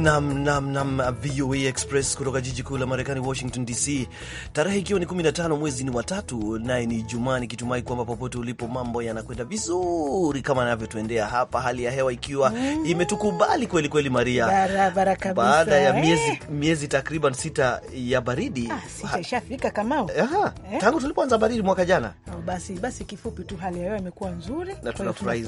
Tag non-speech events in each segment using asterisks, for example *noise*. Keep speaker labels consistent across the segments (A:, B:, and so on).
A: Nam, nam, nam, VOA Express kutoka jiji kuu la Marekani, Washington DC, tarehe ikiwa ni 15 mwezi ni watatu, naye ni Jumaa, nikitumai kwamba popote ulipo mambo yanakwenda vizuri kama anavyotuendea hapa, hali ya hewa ikiwa mm, imetukubali kweli kweli, Maria,
B: barabara kabisa, baada ya eh? miezi,
A: miezi takriban sita ya baridi.
B: Ah, sita ishafika eh, tangu
A: tulipoanza baridi mwaka jana.
B: Oh, basi basi, kifupi tu hali ya hewa imekuwa nzuri na tunafurahi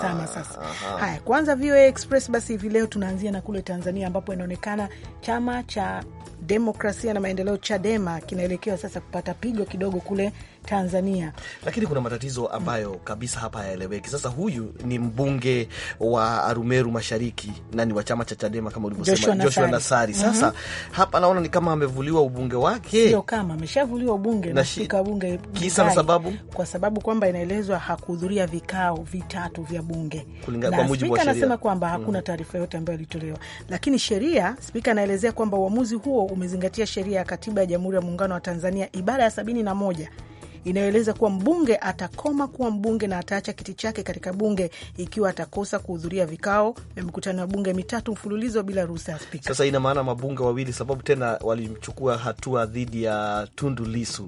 B: sana sasa. Haya, kwanza VOA Express Express. Basi hivi leo tunaanzia na kule Tanzania, ambapo inaonekana chama cha demokrasia na maendeleo, Chadema, kinaelekewa sasa kupata pigo kidogo kule Tanzania,
A: lakini kuna matatizo ambayo mm. kabisa hapa hayaeleweki. Sasa huyu ni mbunge wa Arumeru Mashariki na ni wa chama cha Chadema kama ulivyosema, Joshua, Joshua Nasari. Mhm. Sasa mm -hmm. hapa naona ni kama amevuliwa ubunge wake, sio
B: kama ameshavuliwa ubunge na shika bunge kisa na sababu, kwa sababu kwamba inaelezwa hakuhudhuria vikao vitatu vya bunge, kulingana kwa mujibu wa sheria. Anasema kwamba hakuna mhm. taarifa yote ambayo ilitolewa, lakini sheria, spika anaelezea kwamba uamuzi huo umezingatia sheria ya katiba ya Jamhuri ya Muungano wa Tanzania ibara ya sabini na moja inayoeleza kuwa mbunge atakoma kuwa mbunge na ataacha kiti chake katika bunge ikiwa atakosa kuhudhuria vikao vya mikutano ya bunge mitatu mfululizo bila ruhusa ya spika.
A: Sasa ina maana mabunge wawili, sababu tena walimchukua hatua dhidi ya Tundu Lisu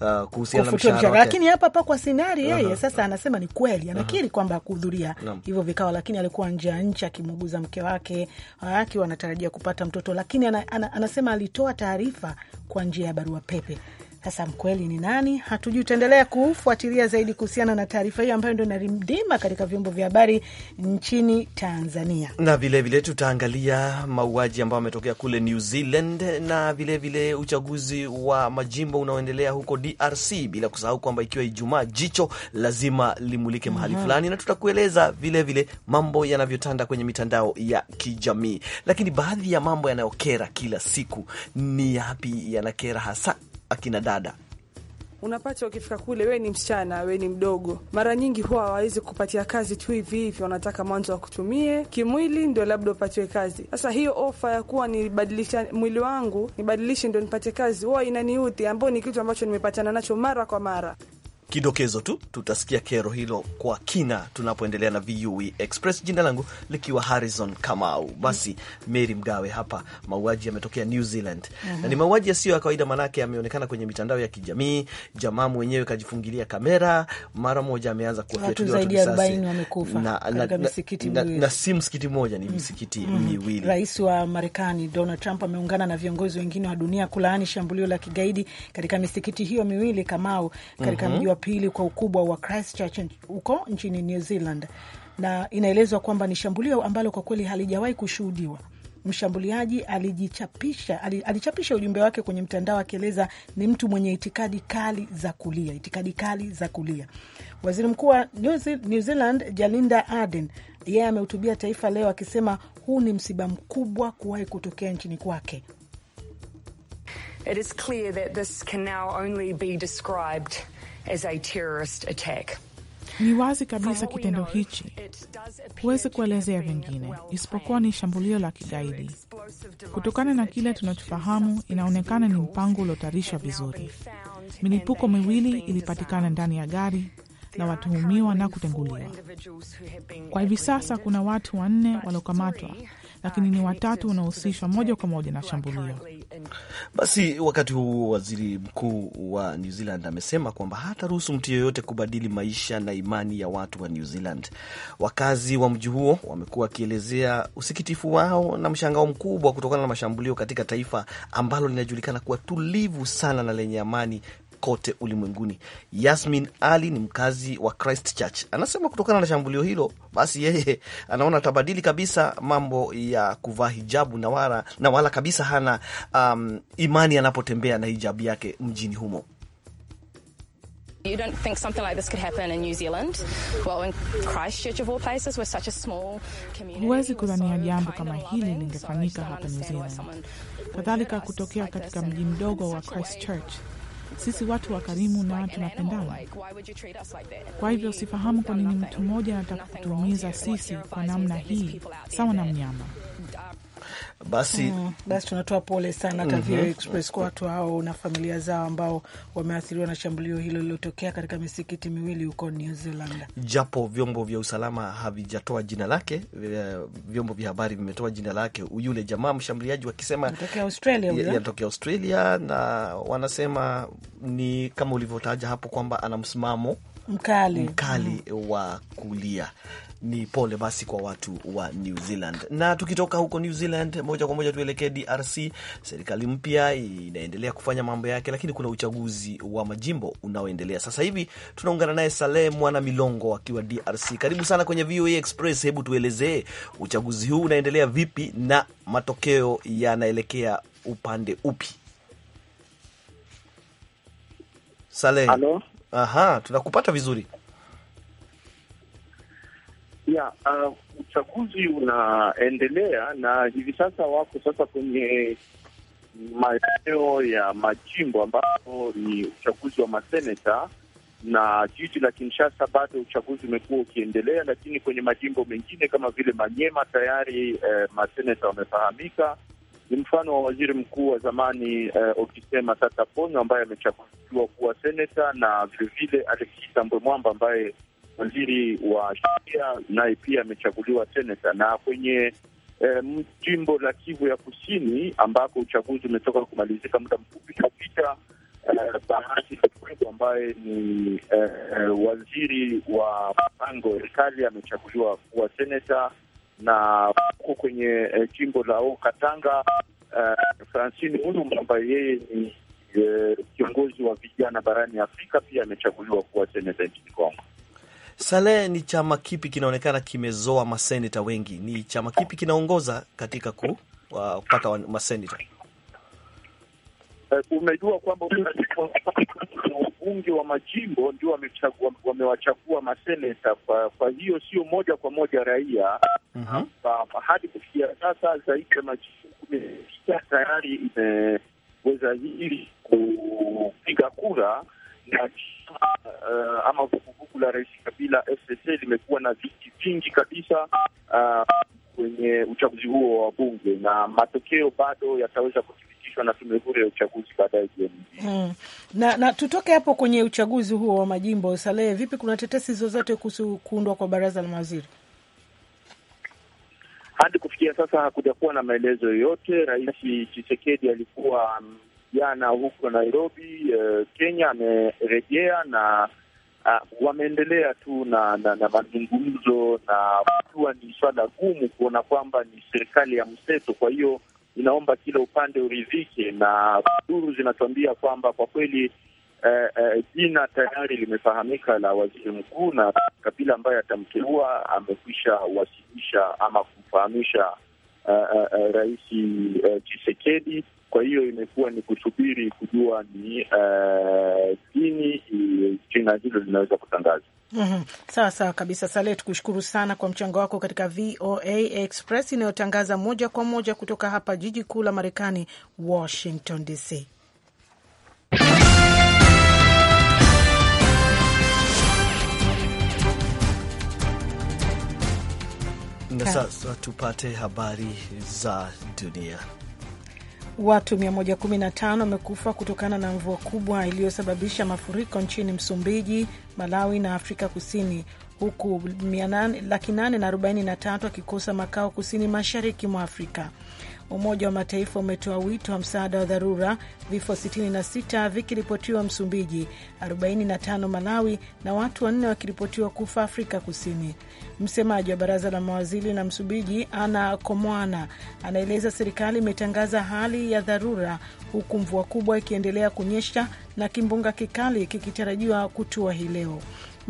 A: uh, kuhusiana na mshahara, lakini
B: hapa pa kwa Sinari yeye uh -huh. Sasa anasema ni kweli, anakiri uh -huh. kwamba hakuhudhuria hivyo vikao, lakini alikuwa nje ya nchi akimuuguza mke wake akiwa anatarajia kupata mtoto, lakini ana, ana, anasema alitoa taarifa kwa njia ya barua pepe sasa mkweli ni nani hatujui. utaendelea kufuatilia zaidi kuhusiana na taarifa hiyo ambayo ndo inaridima katika vyombo vya habari nchini Tanzania,
A: na vilevile tutaangalia mauaji ambayo ametokea kule New Zealand na vilevile uchaguzi wa majimbo unaoendelea huko DRC, bila kusahau kwamba ikiwa Ijumaa jicho lazima limulike mahali mm -hmm. fulani, na tutakueleza vilevile mambo yanavyotanda kwenye mitandao ya kijamii. Lakini baadhi ya mambo yanayokera kila siku ni yapi yanakera hasa akina dada
C: unapata ukifika kule, we ni msichana, we ni mdogo, mara nyingi huwa hawawezi kupatia kazi tu hivi hivi, wanataka mwanzo wa kutumie kimwili, ndio labda upatiwe kazi. Sasa hiyo ofa ya kuwa nibadilisha mwili wangu nibadilishe ndio nipate kazi, huwa inaniudhi, ambao ni kitu ambacho nimepatana nacho mara kwa mara.
A: Kidokezo tu, tutasikia kero hilo kwa kina tunapoendelea na VUE Express, jina langu likiwa Harrison Kamau. Basi Mary Mgawe, hapa mauaji yametokea New Zealand mm -hmm. na ni mauaji yasiyo ya kawaida, maanake yameonekana kwenye mitandao ya kijamii. Jamaa mwenyewe kajifungilia kamera, mara moja ameanza kuwafyatulia watu risasi
B: na, na,
A: na, na si msikiti mmoja, ni msikiti mm -hmm. miwili.
B: Rais wa Marekani Donald Trump ameungana na viongozi wengine wa dunia kulaani shambulio la kigaidi katika misikiti hiyo miwili, Kamau, katika mm -hmm. mji wa pili kwa ukubwa wa Christchurch huko nchini New Zealand, na inaelezwa kwamba ni shambulio ambalo kwa kweli halijawahi kushuhudiwa. Mshambuliaji alijichapisha, alichapisha ujumbe wake kwenye mtandao akieleza ni mtu mwenye itikadi kali za kulia, itikadi kali za kulia. Waziri mkuu wa New Zealand Jacinda Ardern yeye yeah, amehutubia taifa leo akisema huu ni msiba mkubwa kuwahi kutokea nchini kwake.
C: It is clear that this can now only be described as a terrorist attack.
B: Ni wazi kabisa kitendo hichi huwezi kuelezea vingine isipokuwa ni shambulio la kigaidi. Kutokana na kile tunachofahamu, inaonekana ni mpango uliotayarishwa vizuri. Milipuko miwili ilipatikana ndani ya gari na watuhumiwa na kutenguliwa. Kwa hivi sasa kuna watu wanne waliokamatwa, lakini ni watatu wanaohusishwa moja kwa moja na shambulio.
A: Basi wakati huu waziri mkuu wa New Zealand amesema kwamba hataruhusu mtu yeyote kubadili maisha na imani ya watu wa New Zealand. Wakazi wa mji huo wamekuwa wakielezea usikitifu wao na mshangao mkubwa kutokana na mashambulio katika taifa ambalo linajulikana kuwa tulivu sana na lenye amani kote ulimwenguni. Yasmin Ali ni mkazi wa Christchurch, anasema kutokana na shambulio hilo, basi yeye anaona atabadili kabisa mambo ya kuvaa hijabu na wala, na wala kabisa hana um, imani anapotembea na hijabu yake mjini humo.
B: Huwezi kudhania jambo kama hili lingefanyika hapa New Zealand. Kadhalika, kutokea katika mji mdogo wa Christchurch sisi watu wakarimu na tunapendana. Kwa hivyo sifahamu kwa nini mtu mmoja anataka kutuumiza sisi kwa namna hii, sawa na mnyama. Basi mm, basi tunatoa pole sana mm -hmm. Express kwa watu hao na familia zao ambao wameathiriwa na shambulio hilo lililotokea katika misikiti miwili huko New Zealand.
A: Japo vyombo vya usalama havijatoa jina lake, vyombo vya habari vimetoa jina lake, yule jamaa mshambuliaji wakisema anatokea Australia, anatokea Australia na wanasema ni kama ulivyotaja hapo kwamba ana msimamo mkali, mkali mm wa kulia ni pole basi kwa watu wa New Zealand. Na tukitoka huko New Zealand moja kwa moja tuelekee DRC. Serikali mpya inaendelea kufanya mambo yake, lakini kuna uchaguzi wa majimbo unaoendelea sasa hivi. Tunaungana naye Saleh Mwana Milongo akiwa DRC. Karibu sana kwenye VOA e Express. Hebu tuelezee uchaguzi huu unaendelea vipi na matokeo yanaelekea upande upi? Saleh, aha, tunakupata vizuri.
D: Tanzania uh, uchaguzi unaendelea na hivi sasa wako sasa kwenye maeneo ya majimbo ambapo ni uchaguzi wa maseneta, na jiji la Kinshasa bado uchaguzi umekuwa ukiendelea, lakini kwenye majimbo mengine kama vile Manyema tayari eh, maseneta wamefahamika. Ni mfano wa waziri mkuu wa zamani eh, Okisema Tata Ponyo ambaye amechaguliwa kuwa seneta na vilevile Alexis Thambwe Mwamba ambaye waziri wa sheria naye pia amechaguliwa seneta, na kwenye eh, jimbo la Kivu ya Kusini ambako uchaguzi umetoka kumalizika muda mfupi uliopita, eh, Bahati Katumweko ambaye ni eh, waziri wa mpango serikali amechaguliwa kuwa seneta, na huko kwenye eh, jimbo la okatanga Katanga eh, Francine ambaye yeye ni eh, kiongozi wa vijana barani Afrika pia amechaguliwa kuwa seneta nchini Kongo.
A: Salehe, ni chama kipi kinaonekana kimezoa maseneta wengi? Ni chama kipi kinaongoza katika kupata uh, maseneta?
D: Eh, umejua kwamba ubunge wa majimbo ndio wamewachagua maseneta, kwa, kwa hiyo sio moja kwa moja raia. uh mhm. -huh. hadi kufikia sasa zaidi ya majimbo kumi na sita tayari imeweza hili kupiga kura na uh, ama vuguvugu la Rais Kabila FCC limekuwa na viti vingi kabisa uh, kwenye uchaguzi huo wa bunge na matokeo bado yataweza kuthibitishwa na tume huru ya uchaguzi baadaye jioni.
B: Hmm. Na, na tutoke hapo kwenye uchaguzi huo wa majimbo. Salehe, vipi, kuna tetesi zozote kuhusu kuundwa kwa baraza la mawaziri?
D: Hadi kufikia sasa hakuja kuwa na maelezo yoyote. Rais chisekedi alikuwa um, jana huko Nairobi uh, Kenya amerejea na uh, wameendelea tu na, na, na mazungumzo na kuwa ni swala gumu kuona kwamba ni serikali ya mseto, kwa hiyo inaomba kila upande uridhike, na duru zinatuambia kwamba kwa kweli eh, eh, jina uh, eh, tayari limefahamika la waziri mkuu na Kabila ambaye atamteua amekwisha wasilisha ama kumfahamisha Rais Chisekedi. Eh, kwa hiyo imekuwa ni kusubiri kujua ni lini eh, eh, jina hilo linaweza kutangazwa.
B: Mm -hmm. Sawa sawa kabisa. Sale, tukushukuru sana kwa mchango wako katika VOA Express inayotangaza moja kwa moja kutoka hapa jiji kuu la Marekani, Washington DC.
A: na sasa tupate habari za dunia.
B: Watu 115 wamekufa kutokana na mvua kubwa iliyosababisha mafuriko nchini Msumbiji, Malawi na Afrika Kusini, huku laki 843 wakikosa makao kusini mashariki mwa Afrika. Umoja wa Mataifa umetoa wito wa msaada wa dharura, vifo 66 vikiripotiwa Msumbiji, 45 Malawi na watu wanne wakiripotiwa kufa Afrika Kusini. Msemaji wa baraza la mawaziri la Msumbiji, Ana Komwana, anaeleza serikali imetangaza hali ya dharura huku mvua kubwa ikiendelea kunyesha na kimbunga kikali kikitarajiwa kutua hii leo.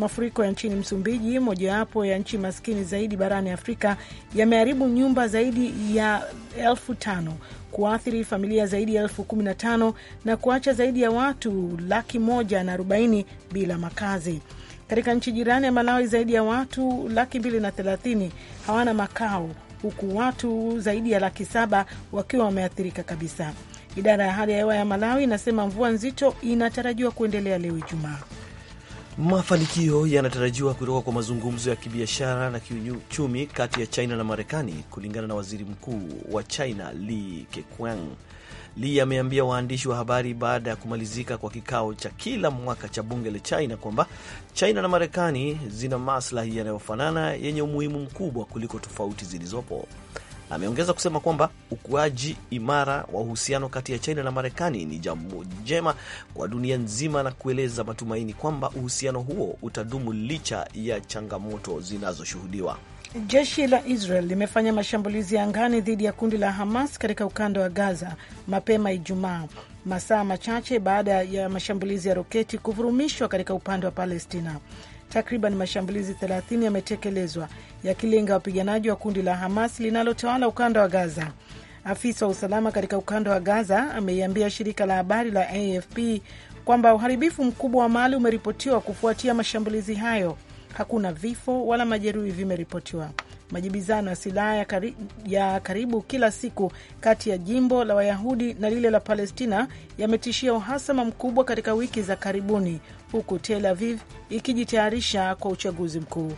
B: Mafuriko ya nchini Msumbiji, mojawapo ya nchi maskini zaidi barani Afrika, yameharibu nyumba zaidi ya elfu tano kuathiri familia zaidi ya elfu kumi na tano na kuacha zaidi ya watu laki moja na arobaini bila makazi. Katika nchi jirani ya Malawi, zaidi ya watu laki mbili na thelathini hawana makao huku watu zaidi ya laki saba wakiwa wameathirika kabisa. Idara ya hali ya hewa ya Malawi inasema mvua nzito inatarajiwa kuendelea leo Ijumaa.
A: Mafanikio yanatarajiwa kutoka kwa mazungumzo ya kibiashara na kiuchumi kati ya China na Marekani, kulingana na waziri mkuu wa China Li Keqiang. Li ameambia waandishi wa habari baada ya kumalizika kwa kikao cha kila mwaka cha bunge la China kwamba China na Marekani zina maslahi yanayofanana yenye umuhimu mkubwa kuliko tofauti zilizopo. Ameongeza kusema kwamba ukuaji imara wa uhusiano kati ya China na Marekani ni jambo jema kwa dunia nzima na kueleza matumaini kwamba uhusiano huo utadumu licha ya changamoto zinazoshuhudiwa.
B: Jeshi la Israel limefanya mashambulizi ya angani dhidi ya kundi la Hamas katika ukanda wa Gaza mapema Ijumaa, masaa machache baada ya mashambulizi ya roketi kuvurumishwa katika upande wa Palestina takriban mashambulizi 30 yametekelezwa yakilenga wapiganaji wa kundi la Hamas linalotawala ukanda wa Gaza. Afisa wa usalama katika ukanda wa Gaza ameiambia shirika la habari la AFP kwamba uharibifu mkubwa wa mali umeripotiwa kufuatia mashambulizi hayo. Hakuna vifo wala majeruhi vimeripotiwa. Majibizano ya silaha ya, kari, ya karibu kila siku kati ya jimbo la Wayahudi na lile la Palestina yametishia uhasama mkubwa katika wiki za karibuni, huku Tel Aviv ikijitayarisha kwa uchaguzi mkuu.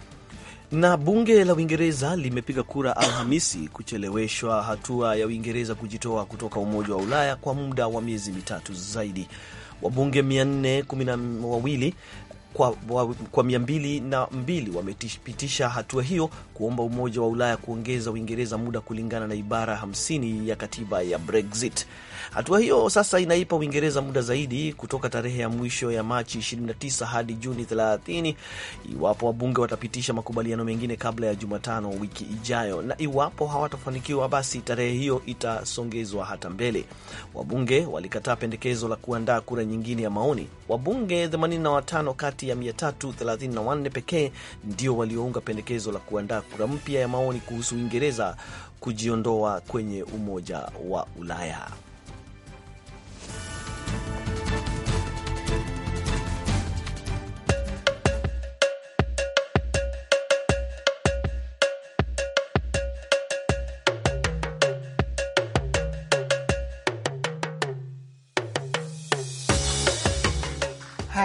A: Na bunge la Uingereza limepiga kura Alhamisi kucheleweshwa hatua ya Uingereza kujitoa kutoka Umoja wa Ulaya kwa muda wa miezi mitatu zaidi. Wabunge 412 kwa, kwa mia mbili na mbili wamepitisha hatua hiyo kuomba Umoja wa Ulaya kuongeza Uingereza muda kulingana na ibara 50 ya katiba ya Brexit. Hatua hiyo sasa inaipa Uingereza muda zaidi kutoka tarehe ya mwisho ya Machi 29 hadi Juni 30 iwapo wabunge watapitisha makubaliano mengine kabla ya Jumatano wiki ijayo, na iwapo hawatafanikiwa, basi tarehe hiyo itasongezwa hata mbele. Wabunge walikataa pendekezo la kuandaa kura nyingine ya maoni. Wabunge 85 kati ya 334 pekee ndio waliounga pendekezo la kuandaa kura mpya ya maoni kuhusu Uingereza kujiondoa kwenye Umoja wa Ulaya.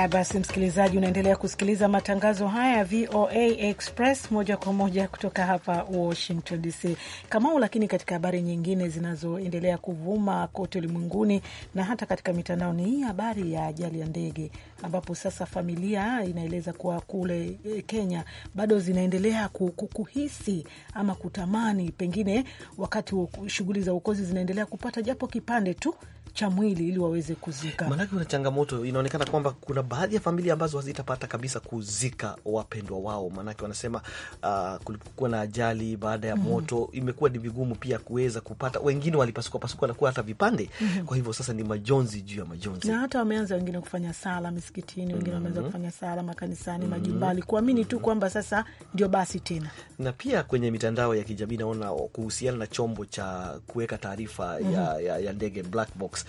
B: Haya basi, msikilizaji, unaendelea kusikiliza matangazo haya ya VOA Express moja kwa moja kutoka hapa Washington DC, Kamau. Lakini katika habari nyingine zinazoendelea kuvuma kote ulimwenguni na hata katika mitandao ni hii habari ya ajali ya ndege, ambapo sasa familia inaeleza kuwa kule eh, Kenya bado zinaendelea kuhisi ama kutamani, pengine wakati shughuli za uokozi zinaendelea kupata japo kipande tu cha mwili ili waweze kuzika.
A: Maanake kuna changamoto inaonekana kwamba kuna baadhi ya familia ambazo hazitapata kabisa kuzika wapendwa wao, maanake wanasema uh, ah, kulipokuwa na ajali baada ya mm-hmm. moto mm -hmm. imekuwa ni vigumu pia kuweza kupata, wengine walipasuka pasuka na kuwa hata vipande mm -hmm. kwa hivyo sasa ni majonzi juu ya majonzi, na
B: hata wameanza wengine kufanya sala misikitini, wengine mm-hmm. wameanza mm -hmm. kufanya sala makanisani, mm -hmm. majumbani, kuamini tu mm-hmm. kwamba sasa ndio basi tena.
A: Na pia kwenye mitandao ya kijamii naona kuhusiana na chombo cha kuweka taarifa mm -hmm. ya, ya, ya ndege black box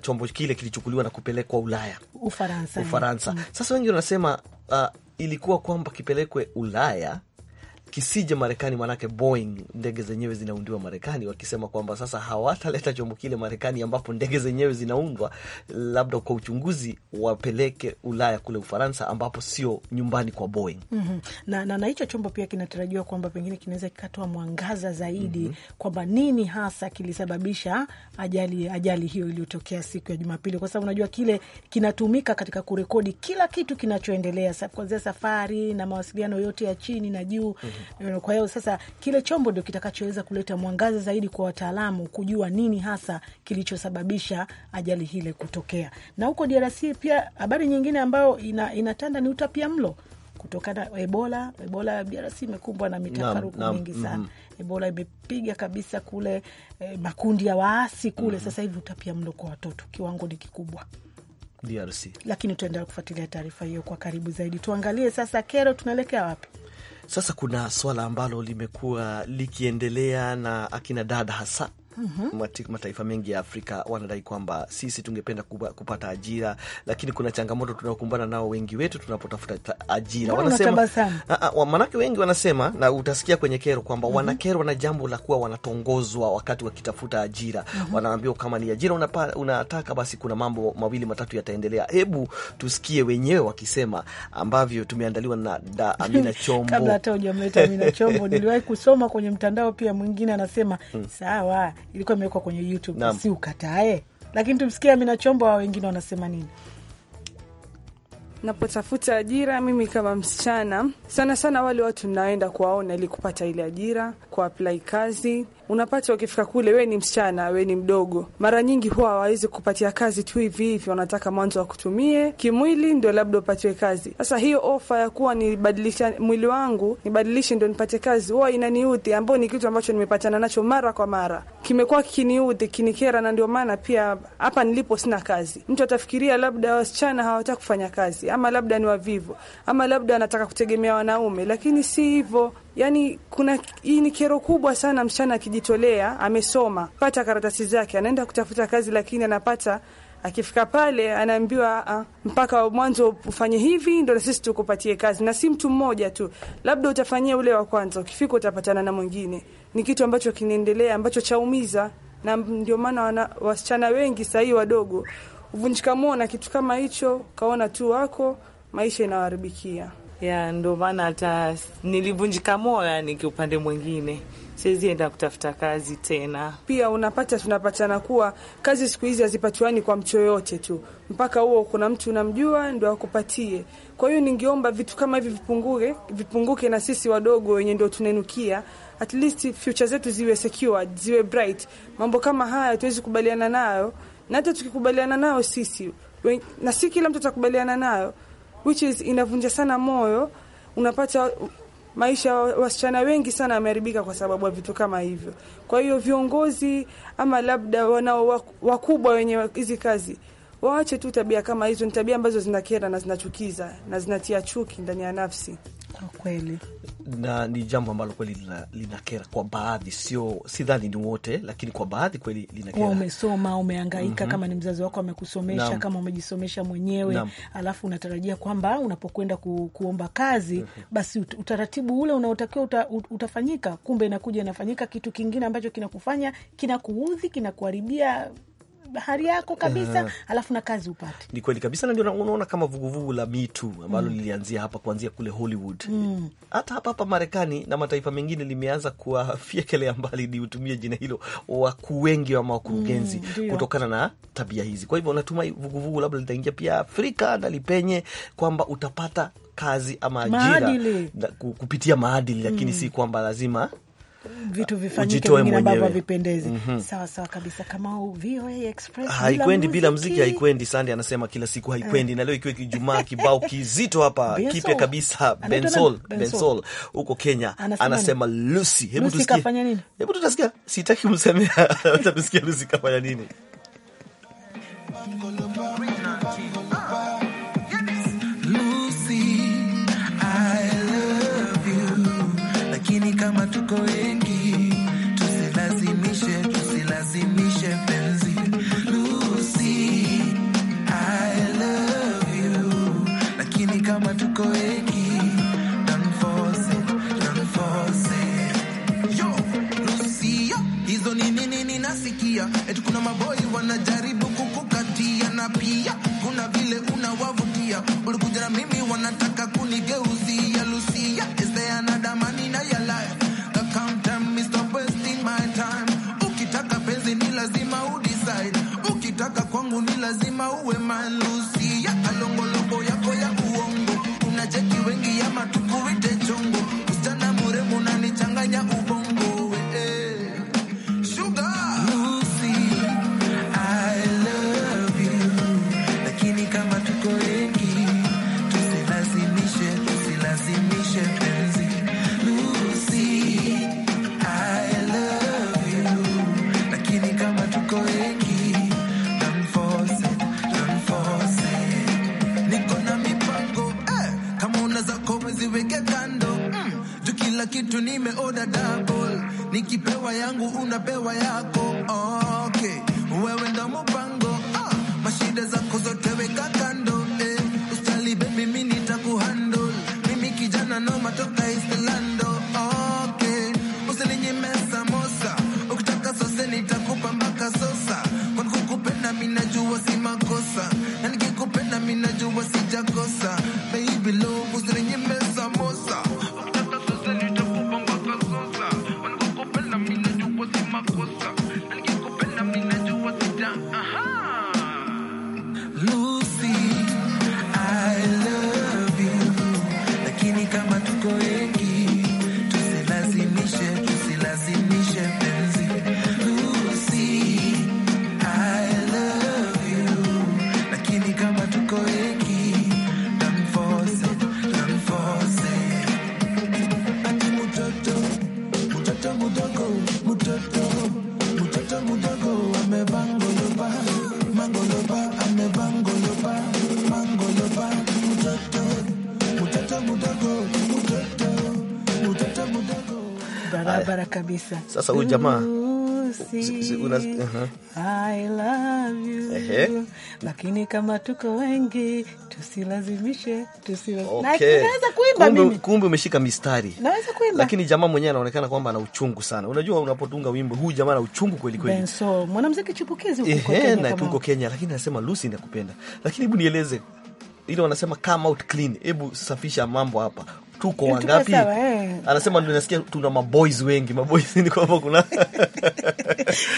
A: chombo kile kilichukuliwa na kupelekwa Ulaya,
B: Ufaransa, Ufaransa.
A: Mm. Sasa wengi wanasema uh, ilikuwa kwamba kipelekwe Ulaya kisije Marekani, manake Boeing ndege zenyewe zinaundiwa Marekani, wakisema kwamba sasa hawataleta chombo kile Marekani ambapo ndege zenyewe zinaundwa, labda kwa uchunguzi wapeleke Ulaya kule Ufaransa ambapo sio nyumbani kwa Boeing.
B: mm -hmm. na, na, na hicho chombo pia kinatarajiwa kwamba pengine kinaweza kikatoa mwangaza zaidi mm -hmm. kwamba nini hasa kilisababisha ajali, ajali hiyo iliyotokea siku ya Jumapili, kwa sababu unajua kile kinatumika katika kurekodi kila kitu kinachoendelea kuanzia safari na mawasiliano yote ya chini na juu. mm -hmm mm. Kwa hiyo sasa kile chombo ndio kitakachoweza kuleta mwangaza zaidi kwa wataalamu kujua nini hasa kilichosababisha ajali hile kutokea. Na huko DRC pia habari nyingine ambayo ina, inatanda ni utapiamlo kutokana na Ebola. Ebola DRC imekumbwa na mitafaruku mingi sana mm -hmm. Ebola imepiga kabisa kule eh, makundi ya waasi kule mm -hmm. Sasa hivi utapia mlo kwa watoto kiwango ni kikubwa DRC, lakini tutaendelea kufuatilia taarifa hiyo kwa karibu zaidi. Tuangalie sasa, kero tunaelekea wapi?
A: Sasa kuna swala ambalo limekuwa likiendelea na akina dada hasa mm -hmm. mataifa mengi ya Afrika wanadai kwamba sisi tungependa kupata ajira, lakini kuna changamoto tunaokumbana nao wengi wetu tunapotafuta ajira. Wanasema ah, ah, wengi wanasema na utasikia kwenye kero kwamba mm -hmm. wanakerwa na jambo la kuwa wanatongozwa wakati wakitafuta ajira mm -hmm. wanaambiwa kama ni ajira unapa, unataka basi, kuna mambo mawili matatu yataendelea. Hebu tusikie wenyewe wakisema ambavyo tumeandaliwa na da Amina *laughs* Chombo. Kabla hata hujamleta Amina Chombo, niliwahi
B: kusoma kwenye mtandao pia mwingine anasema hmm. sawa ilikuwa imewekwa kwenye YouTube, si ukatae, lakini tumsikie Amina
C: Chombo wa wengine wanasema nini. Napotafuta ajira mimi kama msichana, sana sana wale watu naenda kuwaona ili kupata ile ajira, kuapply kazi unapata wakifika kule, we ni msichana, we ni mdogo, mara nyingi huwa hawawezi kupatia kazi tu hivi hivi, wanataka mwanzo wa kutumie kimwili ndio labda upatiwe kazi. Sasa hiyo ofa ya kuwa nibadilisha mwili wangu nibadilishe ndio nipate kazi huwa inaniudhi, ambao ni kitu ambacho nimepatana nacho mara kwa mara, kimekuwa kikiniudhi, kinikera, na ndio maana pia hapa nilipo sina kazi. Mtu atafikiria labda wasichana hawataki kufanya kazi, ama labda ni wavivu, ama labda anataka kutegemea wanaume, lakini si hivyo yani kuna hii ni kero kubwa sana. Msichana akijitolea, amesoma, pata karatasi zake, anaenda kutafuta kazi, lakini anapata akifika pale anaambiwa uh, mpaka mwanzo ufanye hivi ndo na sisi tukupatie kazi, na si mtu mmoja tu, labda utafanyia ule wa kwanza, ukifika utapatana na mwingine. Ni kitu ambacho kinaendelea ambacho chaumiza, na ndio maana wasichana wengi sahii wadogo huvunjika moyo na kitu kama hicho, kaona tu wako maisha inawaharibikia ya ndio maana hata nilivunjika moyo, yani kiupande mwingine siwezi enda kutafuta kazi tena. Pia unapata tunapatana kuwa kazi siku hizi hazipatiwani kwa mtu yoyote tu, mpaka huo kuna mtu unamjua ndo akupatie. Kwa hiyo ningeomba vitu kama hivi vipunguke, vipunguke na sisi wadogo wenye ndo tunainukia, at least future zetu ziwe secure, ziwe bright. Mambo kama haya tuwezi kubaliana nayo, na hata tukikubaliana nayo sisi na si kila mtu atakubaliana nayo which is inavunja sana moyo. Unapata maisha wasichana wengi sana wameharibika kwa sababu ya vitu kama hivyo. Kwa hiyo viongozi ama labda wanao wakubwa wenye hizi kazi waache tu tabia kama hizo. Ni tabia ambazo zinakera na zinachukiza na zinatia chuki ndani ya nafsi kweli,
A: na ni jambo ambalo kweli lina, kera kwa baadhi, sio sidhani ni wote, lakini kwa baadhi kweli linakera.
C: Umesoma, umeangaika,
A: mm -hmm. kama ni
B: mzazi wako amekusomesha Naam. kama umejisomesha mwenyewe Naam. alafu unatarajia kwamba unapokwenda ku, kuomba kazi mm -hmm. basi ut, utaratibu ule unaotakiwa uta, ut, utafanyika, kumbe inakuja inafanyika kitu kingine ambacho kinakufanya kinakuudhi, kinakuharibia bahari yako kabisa, alafu na kazi upate.
A: Ni kweli kabisa, na ndio unaona kama vuguvugu la Me ambalo mm. lilianzia hapa kuanzia kule Hollywood mm. hata hapa hapa Marekani na mataifa mengine limeanza kuwafyekelea mbali, niutumie jina hilo, wakuu wengi ama wakurugenzi mm, kutokana na tabia hizi. Kwa hivyo natumai vuguvugu labda litaingia pia Afrika na lipenye kwamba utapata kazi ama ajira maadili, kupitia maadili lakini mm. si kwamba lazima
B: vitu vifanyike vingine ambavyo havipendezi. Mhm. mm -hmm. Sawa sawa kabisa, kama VOA Express haikwendi bila muziki,
A: haikwendi. Sandy anasema kila siku haikwendi eh. Na leo ikiwa Ijumaa, kibao kizito hapa *laughs* kipya kabisa, Bensol Bensol huko Kenya anasema, anasema Lucy. Hebu tusikie, hebu tutasikia, sitaki kumsemea, *laughs* tusikie Lucy kafanya nini?
E: Ukitaka kwangu ni lazima uwe malusia alongolongo yako ya uongo, unajeki wengi ya matukuwite nikipewa yangu unapewa yako. Okay, wewe ndo mpango ah, mashida zako zote barabara
B: kabisa. Sasa huyu jamaa lakini kama tuko wengi tusilazimishe, naweza kuimba mimi.
A: Kumbe umeshika mistari,
B: naweza kuimba, lakini
A: jamaa mwenyewe anaonekana kwamba ana uchungu sana. Unajua, unapotunga wimbo huu jamaa ana uchungu kweli kweli. Benso
B: mwanamuziki chipukizi huko Kenya, na
A: tuko Kenya, lakini anasema Lucy nakupenda. Lakini hebu nieleze ile wanasema come out clean, hebu safisha mambo hapa. Eh, tuko wangapi?
C: Eh.
A: Anasema nasikia tuna maboys wengi. Maboys *laughs* ni kwamba kuna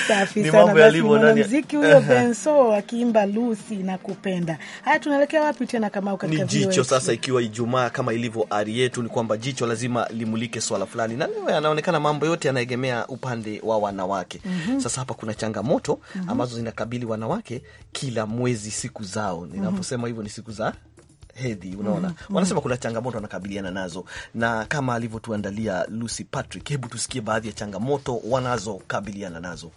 A: safi sana. Basi mwanamuziki huyo *laughs*
B: Benso akiimba Lucy na kupenda. Haya, tunaelekea wapi tena kama katika ni jicho sasa, ikiwa
A: Ijumaa kama ilivyo ari yetu, ni kwamba jicho lazima limulike swala fulani, na leo yanaonekana mambo yote yanaegemea upande wa wanawake. mm -hmm. Sasa hapa kuna changamoto mhm. ambazo zinakabili wanawake kila mwezi, siku zao ninaposema mm -hmm. hivyo ni siku za hedhi, unaona mm -hmm. wanasema kuna changamoto wanakabiliana nazo, na kama alivyotuandalia Lucy Patrick, hebu tusikie baadhi ya changamoto wanazokabiliana nazo.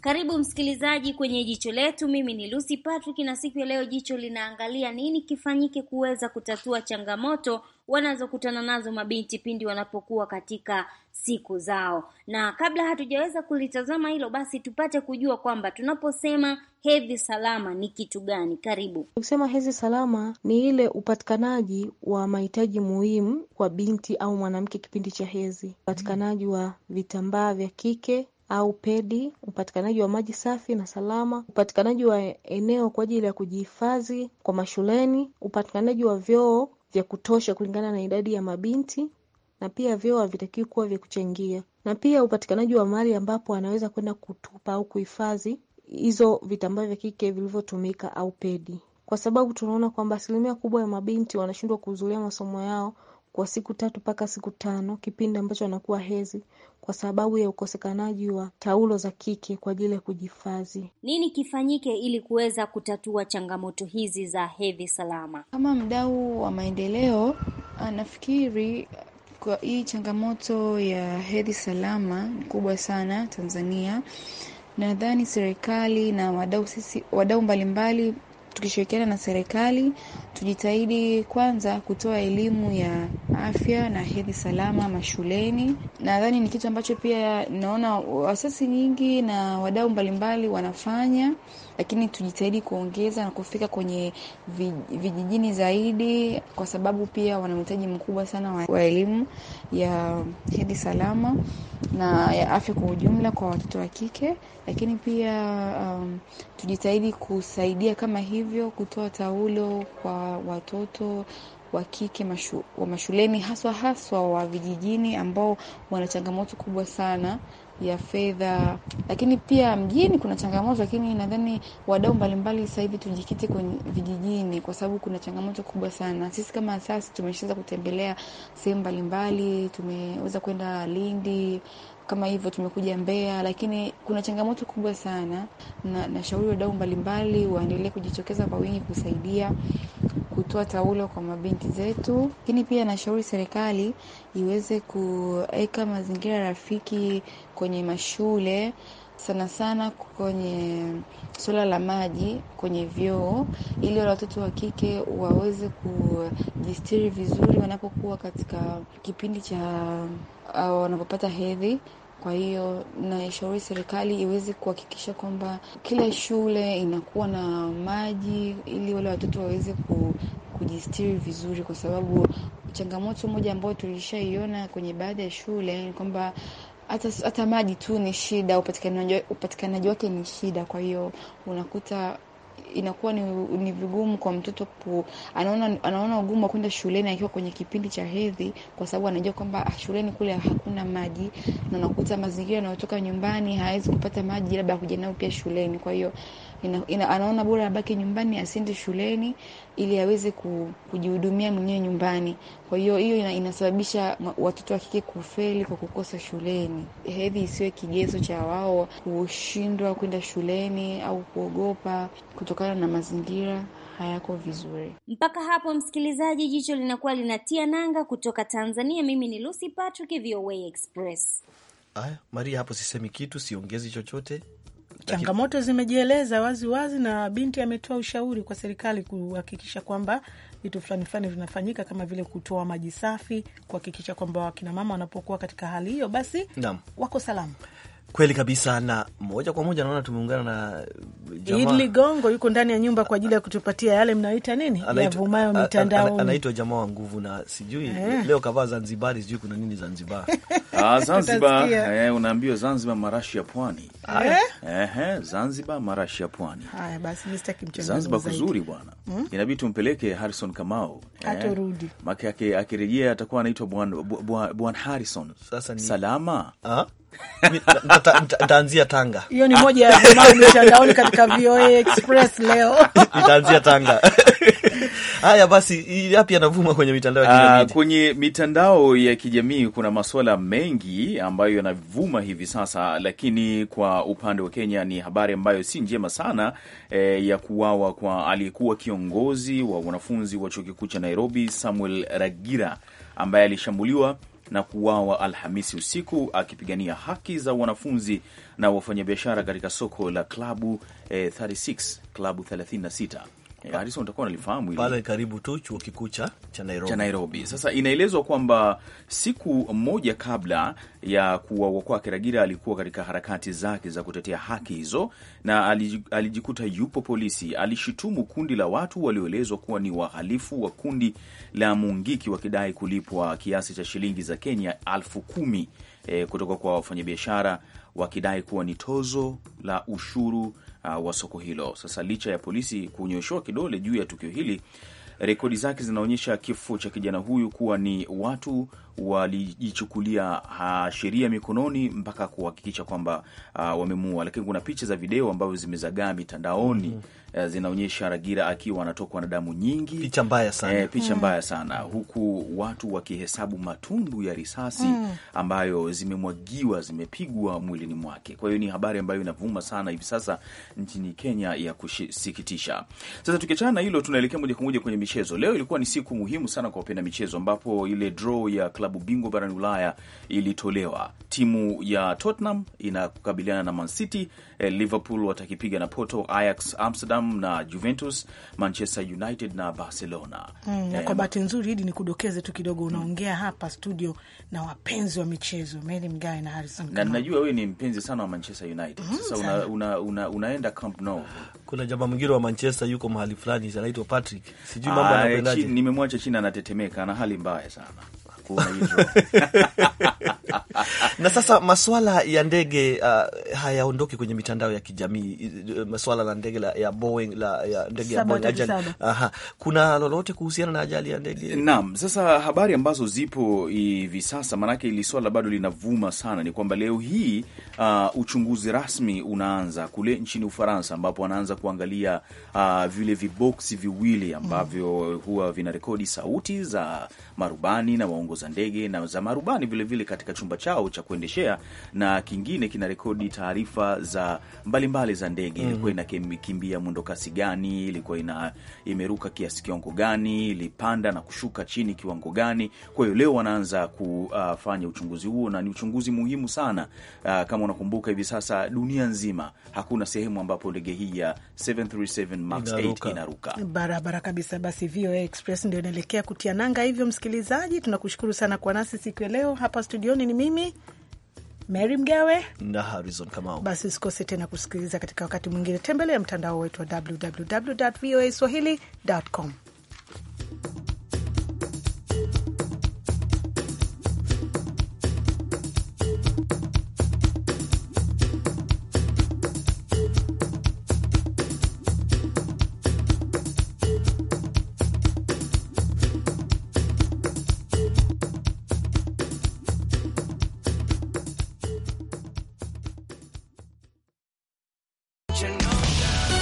C: Karibu msikilizaji kwenye jicho letu. Mimi ni Lucy Patrick, na siku ya leo jicho linaangalia nini kifanyike kuweza kutatua changamoto wanazokutana nazo mabinti pindi wanapokuwa katika siku zao. Na kabla hatujaweza kulitazama hilo, basi tupate kujua kwamba tunaposema hedhi salama ni kitu gani? Karibu.
B: Ukisema hedhi salama ni ile upatikanaji wa mahitaji muhimu kwa binti au mwanamke kipindi cha hedhi, upatikanaji wa vitambaa vya kike au pedi, upatikanaji wa maji safi na salama, upatikanaji wa eneo kwa ajili ya kujihifadhi kwa mashuleni, upatikanaji wa vyoo vya kutosha kulingana na idadi ya mabinti, na pia vyoo havitakiwi kuwa vya kuchangia, na pia upatikanaji wa mali ambapo anaweza kwenda kutupa au kuhifadhi hizo vitambaa vya kike vilivyotumika au pedi, kwa sababu tunaona kwamba asilimia kubwa ya mabinti wanashindwa kuhudhuria masomo yao kwa siku tatu mpaka siku tano, kipindi ambacho anakuwa hezi, kwa sababu ya ukosekanaji wa taulo za kike kwa ajili ya kujihifadhi.
C: Nini kifanyike ili kuweza kutatua changamoto hizi za hedhi salama?
F: Kama mdau wa maendeleo, anafikiri kwa hii changamoto ya hedhi salama ni kubwa sana Tanzania, nadhani serikali na wadau sisi wadau mbalimbali tukishirikiana na serikali tujitahidi kwanza kutoa elimu ya afya na hedhi salama mashuleni. Nadhani ni kitu ambacho pia naona asasi nyingi na wadau mbalimbali wanafanya, lakini tujitahidi kuongeza na kufika kwenye vijijini zaidi, kwa sababu pia wana mhitaji mkubwa sana wa elimu ya hedhi salama na ya afya kwa ujumla kwa watoto wa kike, lakini pia um, tujitahidi kusaidia kama hivyo, kutoa taulo kwa watoto wa kike mashu, wa mashuleni haswa haswa wa vijijini ambao wana changamoto kubwa sana ya fedha, lakini pia mjini kuna changamoto, lakini nadhani wadau mbalimbali sasa hivi tujikite kwenye vijijini, kwa sababu kuna changamoto kubwa sana. Sisi kama asasi tumeshaanza kutembelea sehemu mbalimbali, tumeweza kwenda Lindi kama hivyo tumekuja Mbeya, lakini kuna changamoto kubwa sana na, nashauri wadau mbalimbali waendelee kujitokeza kwa wingi kusaidia kutoa taulo kwa mabinti zetu, lakini pia nashauri serikali iweze kuweka mazingira rafiki kwenye mashule sana sana kwenye suala la maji kwenye vyoo, ili wale watoto wa kike waweze kujistiri vizuri wanapokuwa katika kipindi cha wanapopata hedhi. Kwa hiyo naishauri serikali iweze kuhakikisha kwamba kila shule inakuwa na maji ili wale watoto waweze kujistiri vizuri, kwa sababu changamoto moja ambayo tulishaiona kwenye baadhi ya shule ni kwamba hata, hata maji tu ni shida, upatikanaji wake ni shida. Kwa hiyo unakuta inakuwa ni, ni vigumu kwa mtoto ku, anaona, anaona ugumu wa kwenda shuleni akiwa kwenye kipindi cha hedhi, kwa sababu anajua kwamba ah, shuleni kule hakuna maji, na unakuta mazingira yanayotoka nyumbani hawezi kupata maji, labda kuja nayo pia shuleni, kwa hiyo ina, ina, anaona bora abaki nyumbani asiende shuleni ili aweze ku, kujihudumia mwenyewe nyumbani. Kwa hiyo hiyo ina, inasababisha watoto wa kike kufeli kwa kukosa shuleni. Hedhi isiwe kigezo cha wao kushindwa kwenda shuleni au kuogopa kutokana na mazingira hayako vizuri.
C: Mpaka hapo, msikilizaji, jicho linakuwa linatia nanga. Kutoka Tanzania, mimi ni Lucy Patrick, VOA Express.
A: Aya, Maria, hapo sisemi kitu, siongezi chochote. Changamoto
B: zimejieleza wazi wazi na binti ametoa ushauri kwa serikali kuhakikisha kwamba vitu fulani fulani vinafanyika kama vile kutoa maji safi, kuhakikisha kwamba wakinamama wanapokuwa katika hali hiyo basi Ndam. wako salama.
A: Kweli kabisa, na moja kwa moja naona tumeungana na jamaa Idi
B: Ligongo, yuko ndani ya nyumba kwa ajili ya kutupatia yale mnaita nini, yavumayo mitandao. Anaitwa
A: jamaa wa nguvu na sijui yeah. Leo kavaa Zanzibari, sijui kuna nini Zanzibar. *laughs* Ah,
E: Zanzibar
G: eh, unaambiwa Zanzibar marashi ya pwani eh? Eh, Zanzibar marashi ya pwani.
B: Haya basi, mimi sitaki mchezo Zanzibar kuzuri bwana hmm?
G: Inabidi tumpeleke Harrison Kamau eh, atorudi maki yake akirejea, atakuwa anaitwa bwana bwana Harrison. Sasa ni salama
A: ah? nitaanzia Tanga.
B: Hiyo ni moja ya mambo mitandaoni katika VOA Express leo. *laughs* Nitaanzia
A: Tanga. *laughs* Haya basi, yapi yanavuma kwenye mitandao ya kijamii? Ah,
G: kwenye mitandao ya kijamii kuna masuala mengi ambayo yanavuma hivi sasa, lakini kwa upande wa Kenya ni habari ambayo si njema sana eh, ya kuuawa kwa aliyekuwa kiongozi wa wanafunzi wa chuo kikuu cha Nairobi Samuel Ragira ambaye alishambuliwa na kuuawa Alhamisi usiku akipigania haki za wanafunzi na wafanyabiashara katika soko la klabu eh, 36 klabu 36 Harrison, eh, utakuwa unalifahamu hili pale
A: karibu tu chuo kikuu cha Nairobi. Cha
G: Nairobi. Sasa inaelezwa kwamba siku moja kabla ya kuuawa kwake Ragira alikuwa katika harakati zake za kutetea haki hizo na alijikuta yupo polisi. Alishutumu kundi la watu walioelezwa kuwa ni wahalifu wa kundi la Mungiki wakidai kulipwa kiasi cha shilingi za Kenya elfu kumi eh, kutoka kwa wafanyabiashara wakidai kuwa ni tozo la ushuru Uh, wa soko hilo. Sasa licha ya polisi kunyoshewa kidole juu ya tukio hili, rekodi zake zinaonyesha kifo cha kijana huyu kuwa ni watu walijichukulia sheria mikononi mpaka kuhakikisha kwamba wamemua uh, wamemuua, lakini kuna picha za video ambazo zimezagaa mitandaoni mm -hmm. Eh, zinaonyesha Ragira akiwa anatokwa na damu nyingi, picha mbaya sana, e, picha mm. mbaya sana huku watu wakihesabu matundu ya risasi mm. ambayo zimemwagiwa zimepigwa mwilini mwake. Kwa hiyo ni habari ambayo inavuma sana hivi sasa nchini Kenya ya kusikitisha. Sasa tukiachana na hilo, tunaelekea moja kwa moja kwenye michezo. Leo ilikuwa ni siku muhimu sana kwa wapenda michezo, ambapo ile draw ya klabu bingwa barani Ulaya ilitolewa. Timu ya Tottenham inakabiliana na Man City Eh, Liverpool watakipiga na Porto, Ajax Amsterdam na Juventus, Manchester United na Barcelona.
B: Mm, eh, kwa bahati nzuri hidi ni kudokeze tu kidogo, unaongea mm, hapa studio na wapenzi wa michezo Mary Mgawe na Harrison, na
G: najua wewe ni mpenzi sana wa Manchester United. Mm, sasa una, una, una, unaenda Camp Nou.
A: Kuna jamaa mwingine wa Manchester yuko mahali fulani anaitwa Patrick, sijui mambo ah, anapelaje.
G: Nimemwacha chini
A: anatetemeka, ana hali mbaya sana kuona *laughs* *laughs* na sasa maswala ya ndege uh, hayaondoki kwenye mitandao ya kijamii. Uh, maswala la ndege la, ya Boeing la ya ndege ya Boeing ajali, aha, kuna lolote kuhusiana na ajali ya ndege?
G: Naam, sasa habari ambazo zipo hivi sasa, maanake ili swala bado linavuma sana, ni kwamba leo hii uh, uchunguzi rasmi unaanza kule nchini Ufaransa, ambapo wanaanza kuangalia uh, vile viboksi viwili ambavyo mm, huwa vinarekodi sauti za marubani na waongoza ndege na za marubani vilevile vile katika chumba chao cha kuendeshea na kingine kina rekodi taarifa za mbalimbali mbali za ndege mm -hmm. Ilikuwa inakimbia mwendo kasi gani, ilikuwa ina imeruka kiasi kiwango gani, ilipanda na kushuka chini kiwango gani. Kwa hiyo leo wanaanza kufanya uchunguzi huo, na ni uchunguzi muhimu sana. Ah, kama unakumbuka, hivi sasa dunia nzima hakuna sehemu ambapo ndege hii ya 737 MAX 8 inaruka
B: barabara kabisa. Basi VOA Express ndio inaelekea kutia nanga. Hivyo msikilizaji, tunakushukuru sana kwa nasi siku ya leo hapa studioni. Ni mimi Mary Mgawe
A: na Harrison Kamau.
B: Basi usikose tena kusikiliza katika wakati mwingine, tembelea mtandao wetu wa www voa swahili.com.